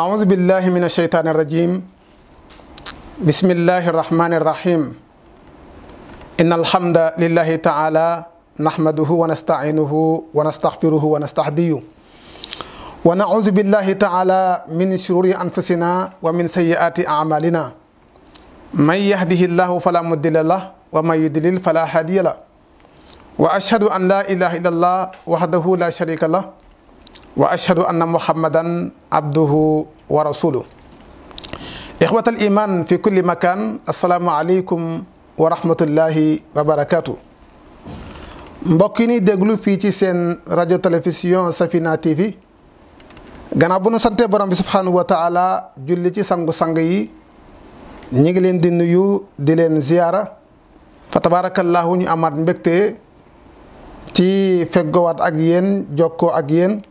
أعوذ بالله من الشيطان الرجيم بسم الله الرحمن الرحيم إن الحمد لله تعالى نحمده ونستعينه ونستغفره ونستهديه ونعوذ بالله تعالى من شرور أنفسنا ومن سيئات أعمالنا من يهده الله فلا مضل له ومن يضلل فلا هادي له وأشهد أن لا إله إلا الله وحده لا شريك له واشهد ان محمدا عبده ورسوله اخوه الايمان في كل مكان السلام عليكم ورحمه الله وبركاته مبكيني دغلو في تي سين راديو تلفزيون سفينا تي في غنا بو نسانتي بروم سبحانه وتعالى جولي تي سانغو سانغي نيغي لين دي نيو دي لين زياره فتبارك الله ني امات مبكتي تي فغوات اك جوكو اك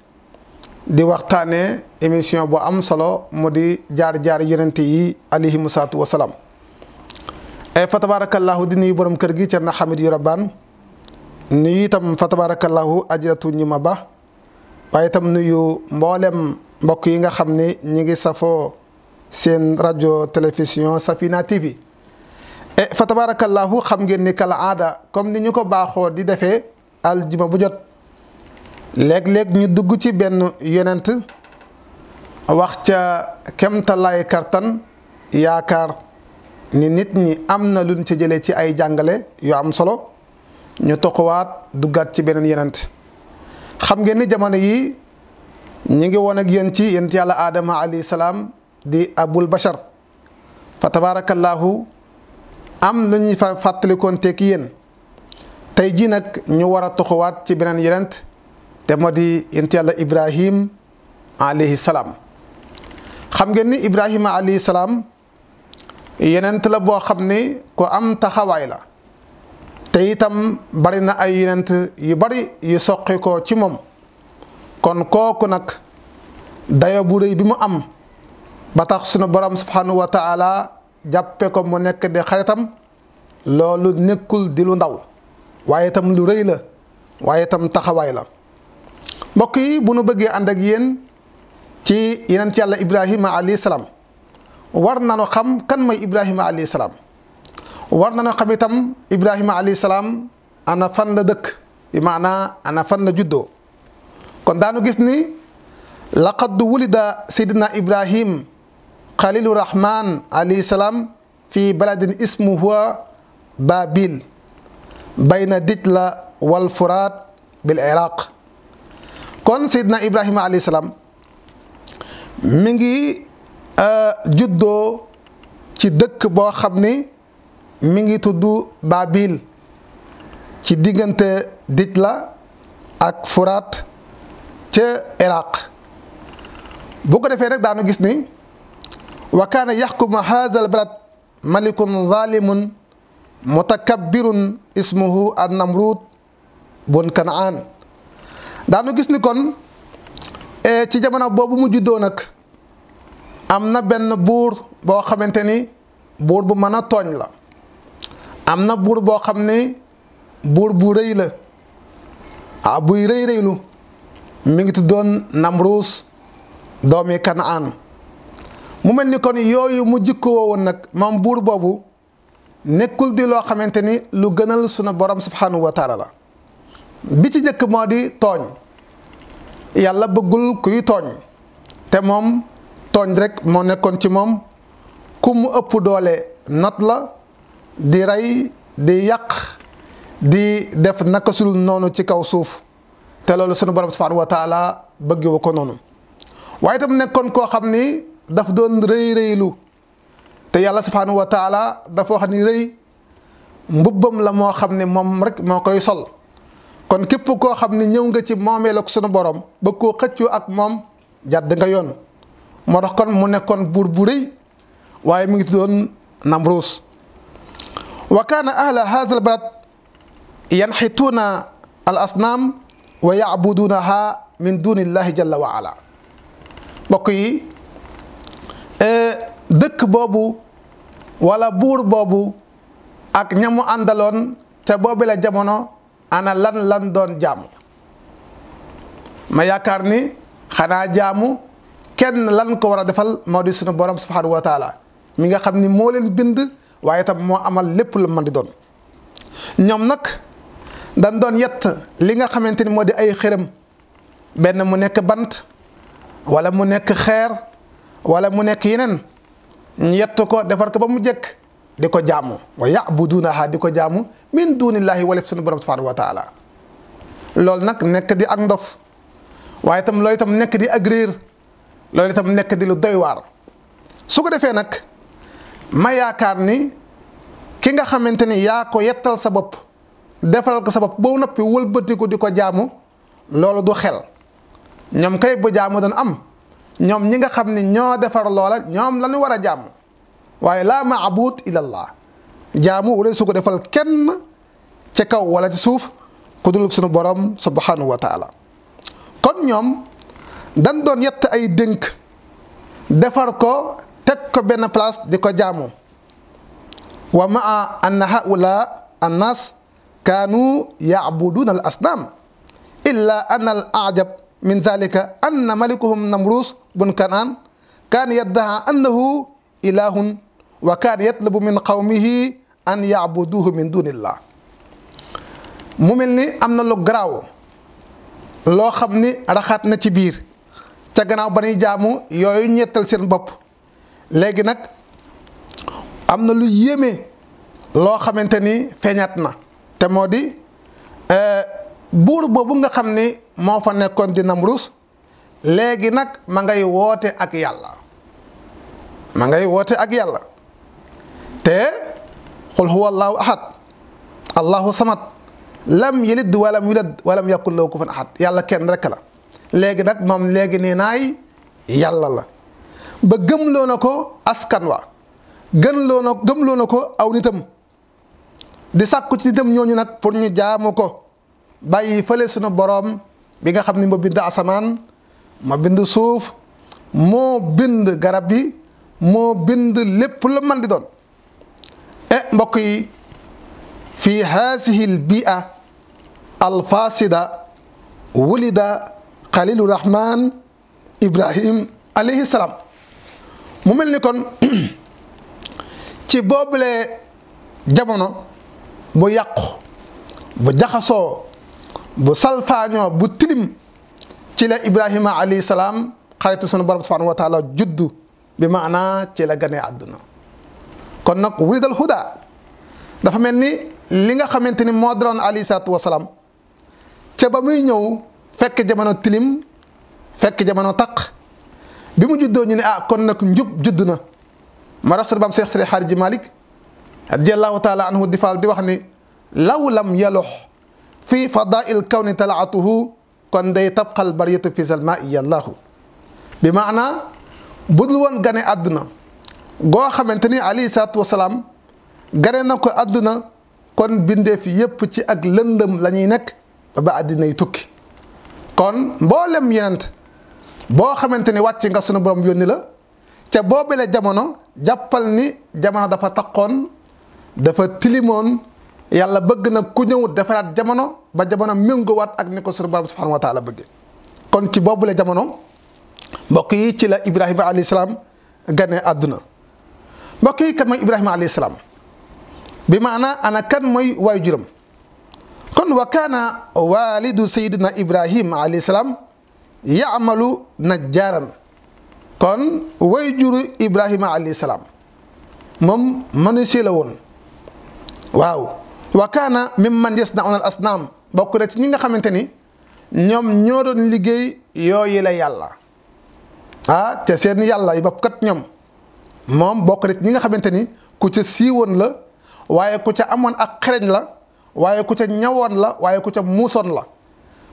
di waxtaane émission bu am solo mu di jaar-jaar yonente yi alayhimu salaatu wasalaam ay fa tabarakallahu di nuyu borom kër gi Cerno Hamid yu rabbaan nuyu itam fa tabarakallahu ajratu ñu ma ba waaye itam nuyu mboolem mbokk yi nga xam ni ñi ngi safoo seen rajo télévision Safina TV e eh, fa tabarakallahu xam ngeen ni kala aada comme ni ñu ko baaxoo di defee aljuma bu jot léeg-léeg ñu dugg ci benn yonent wax ca kemtalaay kartan yaakaar ni nit ñi am na luñ ci jëlee ci ay jàngale yu am solo ñu toquwaat duggaat ci beneen yonent xam ngeen ni jamono yi ñu ngi woon ak yéen ci yonent yàlla aadama alayhi salaam di abul bashar fa tabaarakallaahu am lu ñuy fa yéen tey jii nag ñu war a toquwaat ci beneen yonent te moo di yonent yàlla Ibrahim alayhi salaam xam ngeen ni Ibrahima alayhi salaam yonent la boo xam ni ku am taxawaay la te itam bari na ay yonent yu bari yu soqi ko ci moom kon kooku nag dayo bu rëy bi mu am ba tax sunu borom subhanahu wa taala jàppe ko mu nekk di xaritam loolu nekkul di lu ndaw waaye tam lu rëy la waaye tam taxawaay la mbokk yi bu nu bëggee ànd ak yéen ci yonent yàlla ibrahima alayhi salaam war nañu xam kan mooy ibrahima alayhi salaam war nañu xam itam ibrahima alayhi salaam ana fan la dëkk bi maanaa ana fan la juddoo kon daanu gis ni laqad wulida seydina ibrahim xalilu rahman alayhi salaam fi baladin ismuhuwa babil bayna dijla wal furaat bil iraq kon Seydina Ibrahima alayhi salaam mi ngi euh, juddoo ci dëkk boo xam ni mi ngi tudd Babil ci diggante Dijla ak Furaat ca Iraq bu ko defee nag daanu gis ni wa kaana yaxkumu haadal balad malikun zalimun mutakabbirun ismuhu an-Namrud bun Kanaan daanu gis ni kon e, ci jamono boobu mu juddoo nag am na benn buur boo xamante ni buur bu mën a tooñ la am na buur boo xam ni buur bu rëy la ah buy rëy rëylu mi ngi tuddoon Namruus doomi Kanaan mu mel ni kon yooyu mu jikko woon nag moom buur boobu nekkul di loo xamante ni lu gënal sunu borom subhanahu la bi ci njëkk moo di tooñ yàlla bëggul kuy tooñ te moom tooñ rek moo nekkoon ci moom ku mu ëpp doole nat la di rey di yàq di def naka sul noonu ci kaw suuf te loolu sunu borom subhanahu wa taala bëggewu ko noonu waaye tam nekkoon koo xam ni daf doon rëy rëylu te yàlla subhanahu wa taala dafa wax ni rëy mbubbam la moo xam ne moom rek moo koy sol kon kep ko xamni ñëw nga ci momel ak sunu borom ba ko xëccu ak mom jàdd nga yoon mo tax kon mu nekkon bur buri waye mi ngi tudon Namruus wa kana ahla hadha al balad yanhituna al asnam wa ya'budunaha min duni llahi jalla wa ala bokk yi euh dëkk bobu wala bur bobu ak ñamu andalon te bobu la jamono ana lan lan don jamu ma karni, ni jamu, ken kenn lan ko wara defal modi sunu borom subhanahu wa taala mi nga xamni ni len bind waye tam mo amal lepp mandi man di don ñom nak dan don yett li nga xamanteni modi ay xerem ben mu nek bant wala mu nek xeer wala mu nek yenen ñett ko defar ko ba mu jekk diko jamu wa ya'buduna ha diko jamu min dunillahi wa lafsun borom subhanahu wa taala lol nak nek di ak ndof waye tam loy itam nek di ak réer loolu itam nekk di lu doy war su ko defé nak ma yaakaar ni ki nga xamanteni ya ko yettal sa bop defal ko sa bop bo nopi di ko jaamu du xel ñom kay bu jamu dañ am ñom ñi nga xamni ño defar loola ñom lañu wara jamu waaye laa maabud illallah jaamu wala su ko defal kenn ci kaw wala ci suuf ku dul sunu borom subhanahu wa taala kon ñom dañ doon yett ay dénk defar ko tek ko ben place diko ko jaamu wa maa anna haula annas kaanu yacbuduuna al asnaam illa anna al ajab min zalika anna malikuhum namrus bun kanaan kaan yaddaha annahu ilahun wa kaan yatlabu min qawmihi an yaabuduhu min dunillah mu mel ni am na lu garaaw loo xam ni raxaat na ci biir ca gannaaw ba ñuy jaamu yooyu ñettal seen bopp léegi nag am na lu yéeme loo xamante ni feeñaat na te moo di euh, buur boobu nga xam ni moo fa nekkoon di Namrus léegi nag ma ngay woote ak yàlla ma ngay woote ak yàlla te qul huwa allahu ahad allahu samad lam yalid walam yulad walam yakun lahu kufuwan ahad yàlla kenn rekk la léegi nag moom léegi nee naay yàlla la ba gëmloo na ko askan wa gënloo na gëmloo na ko aw nitam di sàkku ci nitam ñooñu nag pour ñu jaamu ko bàyyi fële sunu boroom bi nga xam ni moo bind asamaan ma bind suuf moo bind garab yi moo bind lépp la man di doon e mbokk yi fi haasihi lbia alfaasida wulida xalilu rahman ibrahim alayhi mu mel ni kon ci boobule jamono bu yàqu bu jaxasoo bu salfaañoo bu tilim ci la ibrahima alayhi salaam xaritu sunu borom subhanahu wa taala juddu bi maanaa ci la ganee àdduna kon nak wuridal huda dafa melni li nga xamanteni modron ali daloon alayhi salaatu wasalaam ba muy ñëw fekk jamono tilim fekk jamono tak bi mu juddo ñu ni ah kon nak njub judduna ma rasul bam seex sëriñ harji malik radiallahu taala anhu di faal di wax ni law lam yaluh fi fadail kawni tal'atuhu kon day tabqal bariyatu fi salmaa iyallahu bi maanaa budul won gane aduna goo xamante ni alayhi salaatu wasalaam gane na ko àdduna kon bindeef yépp ci ak lëndëm lañuy ñuy nekk ba ba àddina yi tukki kon mboolem yonent boo xamante ni wàcc nga sunu borom yónni la ca boobale jamono jàppal ni jamono dafa taqoon dafa tilimoon yàlla bëgg na ku ñëw defaraat jamono ba jamono méngowaat ak ni ko sunu borom subhanahu wa taala kon ci boobale jamono mbokk yi ci la Ibrahima alayhi salaam gane àdduna mbokk yi kan mooy ibrahima alayhi salaam bi maana ana kan mooy waayu juram kon wa kaana waalidu sayidina ibrahima alayhi salaam yaamalu najjaaran kon way juru ibrahima alayhi salaam moom menuisier la woon waaw wa kaana mimman yasnauna al asnaam bokk na ci ñi nga xamante ni ñoom ñoo liggéey yooyu la yàlla ah ta seen yàlla yi bopp kat ñoom moom bokk rek ñi nga xamante ni ku ca siiwoon la waaye ku ca amoon ak xereñ la waaye ku ca ñawoon la waaye ku ca muusoon la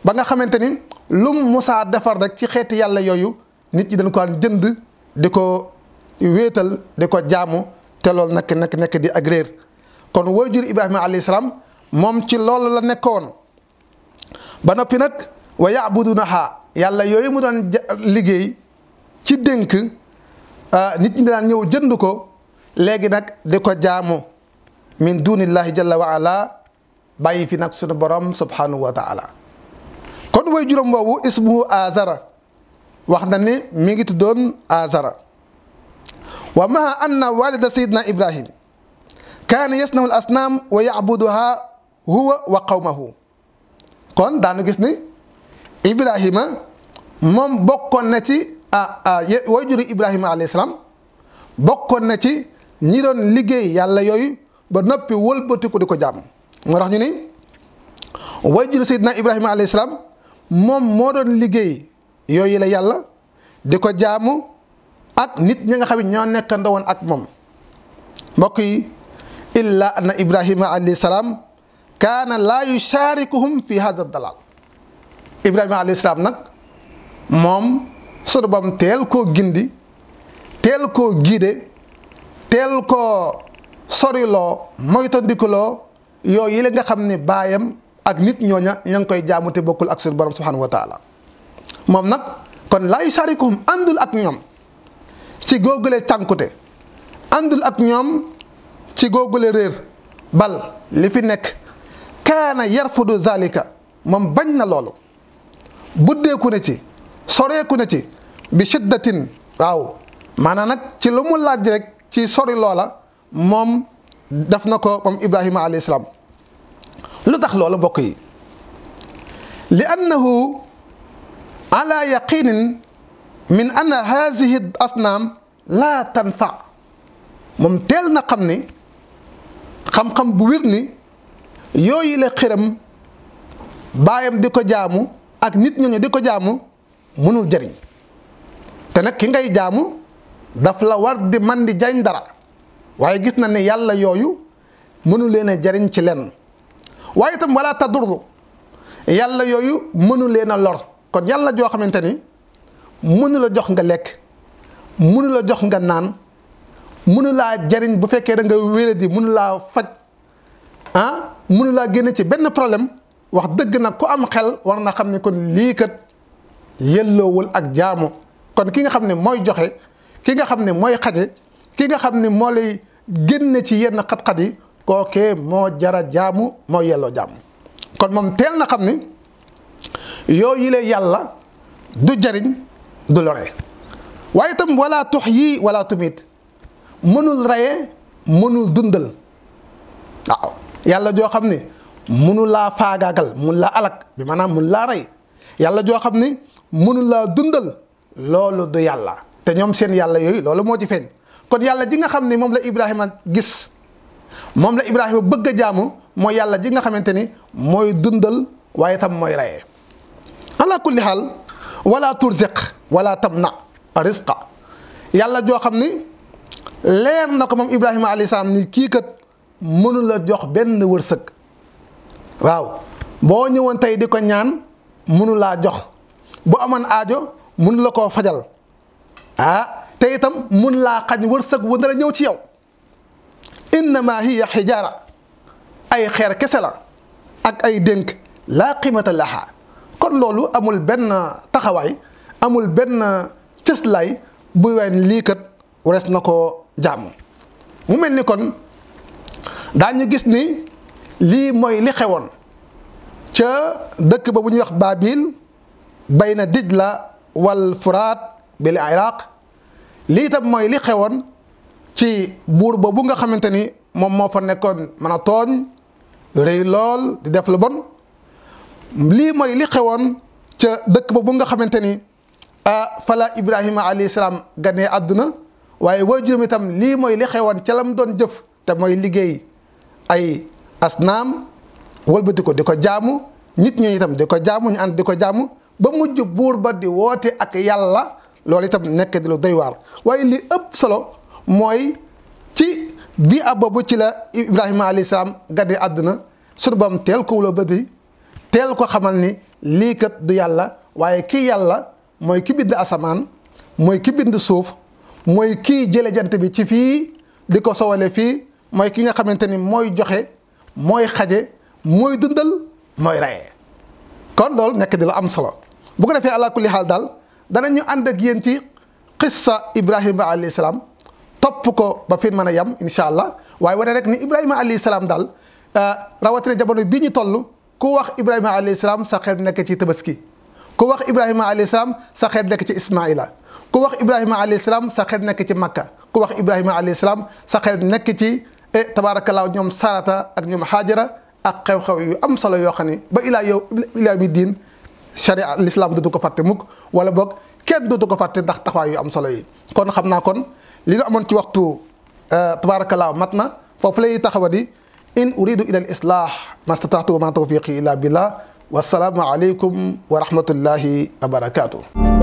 ba nga xamante ni lu musaa defar rek ci xeeti yàlla yooyu nit ñi dañ ko daan jënd di ko wéetal di ko jaamu te loolu nekk nekk nekk di ak réer kon waajur Ibrahima alayhi salaam moom ci lool la nekkoon ba noppi nag wa yaabudunaha yàlla yooyu mu daan liggéey ci dénk Ah, nit ñi daan ñëw jënd ko léegi nag di ko jaamu min dunillahi jalla wa ala bàyyi fi nag sunu borom subhanahu wa taala kon way juróom woowu ismuhu azara wax na ni mi ngi tuddoon azara wa maha anna walida sayidna ibrahim kaana yasnaw al asnaam wa yacbuduha huwa wa qawmahu kon daanu gis ni ibrahima moom bokkoon na ci ah, ah way juri Ibrahima alayhi salaam bokkoon na ci ñi doon liggéey yàlla yooyu ba noppi wëlbatiku di ko jàmm moo tax ñu ni way juri Seydina Ibrahima alayhi salaam moom moo doon liggéey yooyu la yàlla di ko jaamu ak nit ñi nga xam ne ñoo nekk ndawoon ak moom mbokk yi illa anna Ibrahima alayhi salaam kaana laa yusharikuhum fi hada dalal Ibrahima alayhi salaam nag moom sunu bam teel koo gindi teel koo giide teel koo soriloo moytandikuloo yi la nga xam ne baayam ak nit ñooña ña ngi koy jaamu bokkul ak sunu borom subhanahu wa moom nag kon lay sharikuhum àndul ak ñoom ci googule cànkute àndul ak ñoom ci googule réer bal li fi nekk kaana yarfudu zalika moom bañ na loolu buddeeku na ci soreeku na ci bi shiddatin waaw maanaam nag ci lu mu laaj rek ci sori loola moom def na ko moom Ibrahima salaam lu tax loola bokk yi li annahu ala yaqinin min anna haadihi asnaam laa tanfa moom teel na xam ni xam-xam bu wir ni yooyu la xiram baayam di ko jaamu ak nit ñooñu di ko jaamu mënul jëriñ te nag ki ngay jaamu daf la war di man di jariñ dara waaye gis na ne yàlla yooyu mënu leen a jariñ ci lenn waaye itam wala tadurru yàlla yooyu mënu leen a lor kon yàlla joo xamante ni mënu la jox nga lekk mënu la jox nga naan mënu laa jariñ bu fekkee da nga wéradi mënu laa faj ah mënu laa génne ci benn problème wax dëgg nag ku am xel war na xam ni kon lii kat yelloowul ak jaamu kon ki nga xam ne mooy joxe ki nga xam ne mooy xaje ki nga xam ne moo lay génne ci yenn xat-xat yi kookee moo jara jaamu moo yelloo jaamu kon moom teel na xam ni yoo yile yàlla du jariñ du lore waaye itam wala tux yii wala tumit mënul reye mënul dundal waaw yàlla joo xam ni mënu laa faagaagal mun laa alak bi maanaam mun laa rey yàlla joo xam ni mënu laa dundal loolu du yàlla te ñoom seen yàlla yooyu loolu moo ci feeñ kon yàlla ji nga xam ne moom la Ibrahima gis moom la Ibrahima bëgg a jaamu mooy yàlla ji nga xamante ni mooy dundal waaye tam mooy rayee ala kulli xaal wala turziq wala tamna risqa yàlla joo xam ni leer na ko moom Ibrahima alayhi salaam ni kii kat mënula jox benn wërsëg waaw boo ñëwoon tey di ko ñaan mënu jox bu amoon aajo. mun la koo fajal ah te itam mun laa xañ wërsëg wu dara ñëw ci yow innama hiya xijaara ay xeer kese la ak ay dénk laa qimata laha kon loolu amul benn taxawaay amul benn cëslaay bu wen lii warees na ko jaamu mu mel ni kon daañu gis ni lii mooy li xewoon ca dëkk ba bu ñuy wax Baabil bay na Dijla wal furaat bil iraq lii tam mooy li xewoon ci buur boobu nga xamante ni moom moo fa nekkoon mën a rëy lool di def lu bon lii mooy li xewoon ca dëkk boobu nga xamante ni a falaa Ibrahima alayhi salaam ganee àdduna waaye waajuram itam lii mooy li xewoon ca la doon jëf te mooy liggéey ay asnaam walbatiku di ko jaamu nit ñi itam di ko jaamu ñu ànd di ko jaamu. ba mujj buur ba di woote ak yàlla loolu itam nekk di lu doy waar waaye li ëpp solo mooy ci bii ab ci la Ibrahima alayhi salaam gane àdduna sunu bam teel ko wula bëti teel ko xamal ni lii kat du yàlla waaye kii yàlla mooy ki bind asamaan mooy ki bind suuf mooy kii jële jant bi ci fii di ko sowale fii mooy ki nga xamante ni mooy joxe mooy xaje mooy dundal mooy rayee kon loolu nekk di lu am solo bu ko defee ala kulli xaal daal danañu ànd ak yéen ci qissa Ibrahima alayhi salaam topp ko ba fi mën a yem incha allah waaye wane rek ni Ibrahima alayhi salaam daal euh, rawatina jamono bii ñu toll ku wax Ibrahima alayhi salaam sa xel nekk ci tabaski ku wax Ibrahima alayhi salaam sa xel nekk ci Ismaila ku wax Ibrahima alayhi salaam sa xel nekk ci Makka ku wax Ibrahima salaam sa xel nekk ci eh, tabaarakallaa ñoom Sarata ak ñoom Haajara ak xew-xew yu am solo yoo xam ne ba ilaa yow ilaa diin sharia l'islam dootu ko fàtte mukk wala boog kenn dootu ko fàtte ndax taxawaay yu am solo yi kon xam naa kon li ñu amoon ci waxtu euh, tabaarakallaa mat na foofu lay taxawa di in uridu ila al islah mastataatu wa ma tawfiqi illa billah wasalaamu aleykum wa rahmatullahi wa barakatuh